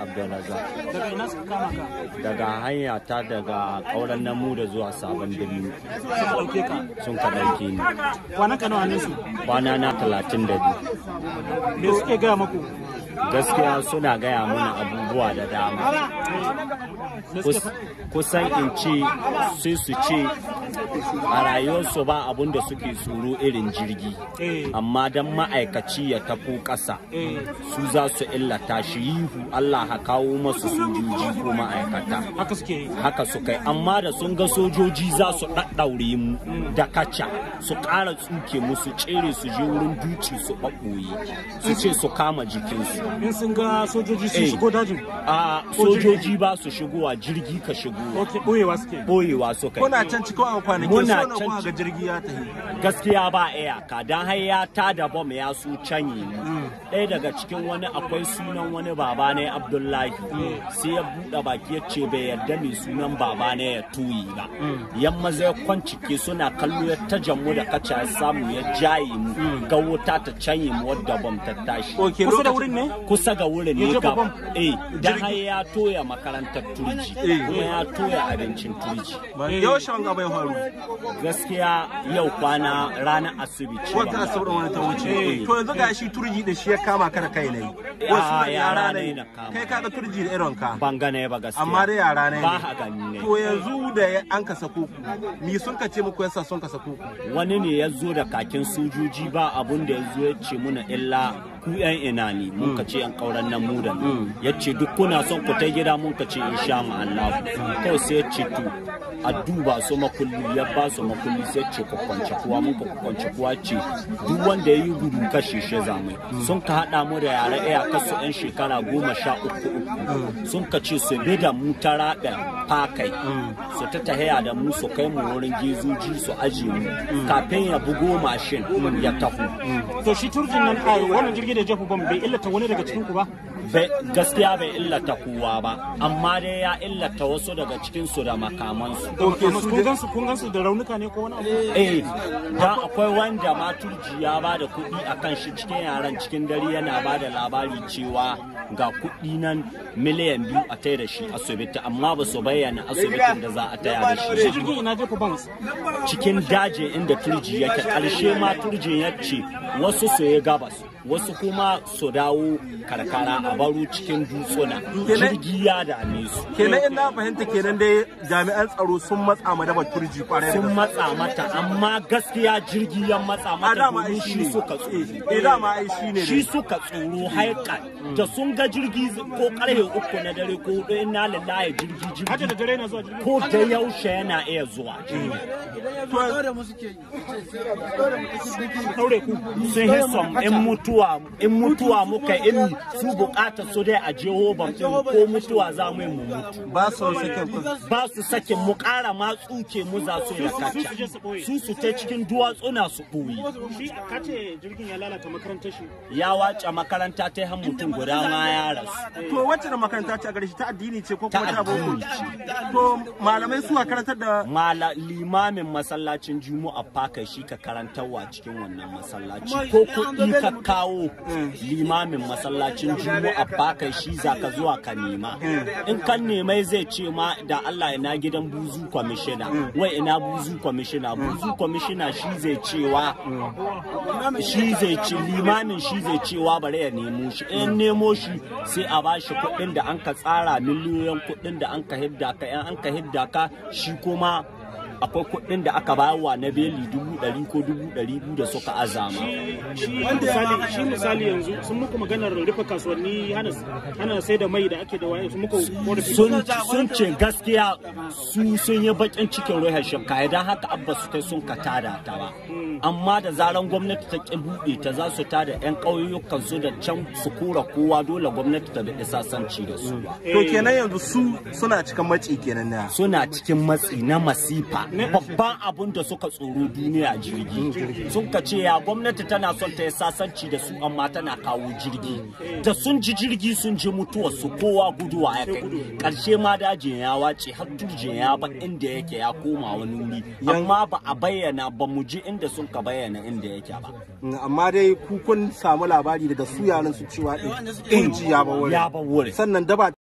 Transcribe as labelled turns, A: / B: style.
A: Abdulrazak. Daga Daga hanya ta daga kauran namu da zuwa sabon birni. Sun ka ɗauke ni. Kwana na talatin da biyu. Me suke gaya maku? Gaskiya suna gaya mana abubuwa da dama. Kusan in ce sai su ce a rayuwarsu ba abun da suke tsoro irin jirgi eh. amma don ma'aikaci ya tafi ƙasa eh. su za su illata shi yihu Allah ha kawo masu sojoji ko ma'aikata haka su kai amma da sun ga sojoji za su ɗaɗɗaure mu hmm. da kaca su ƙara tsuke mu su cere su je wurin duci su ɓaɓɓoye su ce su kama jikinsu in sun ga sojoji sun eh. shigo dajin a sojoji ba su shigowa jirgi ka shigo ɓoyewa suke ɓoyewa su kai kuna can cikin ba kwanakin sau na kuka ga jirgi ya tafi gaskiya ba iyaka dan har ya ta da bom ya su canyi ɗaya daga cikin wani akwai sunan wani baba ne abdullahi sai ya buɗe baki ya ce bai yarda mai sunan baba ne ya tuyi ba yamma zai kwancike suna kallo ya ta mu da kaca ya samu ya jaye mu ga wuta ta canyi mu wadda bom ta tashi kusa da wurin ne kusa ga wurin ne ga eh dan har ya toya makarantar turji eh. kuma ya toya abincin turji yawan shawanga bai faru gaskiya yau kwana ranar asubi ce wata da wani ta wuce eh. to yanzu ga shi turji da shi ya kama ka kai ne ah, wasu rana ne kai ka da turji da irin ka ban gane ba gaskiya amma dai rana ne ba ha gani ne to yanzu da an ka sako ku sun ka ce muku yasa sun ka sako ku wani ne ya zo da kakin sojoji ba abun da ya zo ya ce muna illa ku yan ina ne mun mm. ka ce yan kauran nan mu da mm. ya ce duk kuna son ku ta gida mun ka ce insha ma Allah kawai sai ya ce to a duba su makulli ya ba su makulli sai ce ku kwance kuwa mun ku kwance kuwa ce duk wanda ya yi gudu kashe shi zamai mm. sun ka hada mu da yare iya kasu yan shekara goma sha uku uku sun ka ce su bi da mu ta raɗa fakai su ta tahiya da mu su kai mu wurin gizuji su aji mu kafin ya bugo mashin ya tafi to shi turjin nan eh, wannan jirgi da jefu bom bai illata wani daga cikin ku ba gaskiya bai illata kowa ba amma dai ya illata wasu daga cikin su da makamansu kun su da raunuka ne ko wani abu eh akwai wanda ma turji ya ba da kuɗi akan shi cikin yaran cikin dare yana ba da labari cewa ga kuɗi nan miliyan biyu a taya da shi asibiti amma ba su bayyana asibitin da za a taya da shi cikin daji inda turji yake ƙarshe ma turjin ya ce wasu su ya gabas wasu kuma su dawo karkara a baro cikin dutsuna jirgi ya dame su kenan in na fahimta kenan dai jami'an tsaro sun matsa ma daba turji kwarai sun matsa mata amma gaskiya jirgi ya matsa mata ai shi suka tsoro eh, eh, shi suka tsoro eh. haika da sun ga jirgi ko karfe uku na dare ko hudu in na lallaya jirgi jirgi ko da yaushe yana iya zuwa sun hisan in mutu mutuwa in mutuwa muka in su bukatar su dai a jehoban ko mutuwa za mu yi mu mutu ba su sakin ba su sake mu kara ma tsuke mu za su ya kaca su su ta cikin duwatsuna su boye shi kace jirgin ya lalata makarantar shi ya wace makaranta ta han mutum guda ma ya rasu to wace da makaranta ce a gare shi ta addini ce ko kuma ta boko to malamai su karantar da mala limamin masallacin juma'a fakai shi ka karantarwa cikin wannan masallaci ko kuɗi ka kawo limamin masallacin juma'a baka shi za ka zuwa ka nema in kan nemai zai ce ma da Allah ina gidan buzu kwamishina wai ina buzu kwamishina buzu kwamishina shi zai cewa shi zai ci limamin shi zai cewa bare ya nemo shi in nemo shi sai a bashi kuɗin da an ka tsara miliyoyin kuɗin da an ka hidda ka an ka hidda ka shi kuma akwai kuɗin da aka bawa na beli dubu ɗari ko dubu ɗari biyu da suka azama. Shi misali yanzu sun muku maganar rufe kasuwanni hana sai da mai da ake da waye sun muku korafi. Sun ce gaskiya su sun yi bakin cikin ruhar shafka don haka abba su kai sun ka tada ta ba. Hmm. amma da zaran gwamnati ta ki buɗe ta za su tada 'yan ƙauyukan su da can su kura kowa dole gwamnati ta bi sasanci da su ba. To kenan yanzu su suna cikin matsi kenan na. Suna cikin matsi na masifa babban abun da suka tsoro duniya jirgi. Sun ka ce ya gwamnati tana son ta yi sasanci da su amma tana kawo jirgi. Da sun ji jirgi sun ji mutuwar su kowa guduwa ya kai. Ƙarshe ma dajin ya wace har turjin ya ba inda yake ya koma wani wuri. Amma ba a bayyana ba mu ji inda sun ka bayyana inda yake ba mm, amma dai ku kun samu labari daga su yaran su cewa eh, eh, inji ya wuri. sannan daba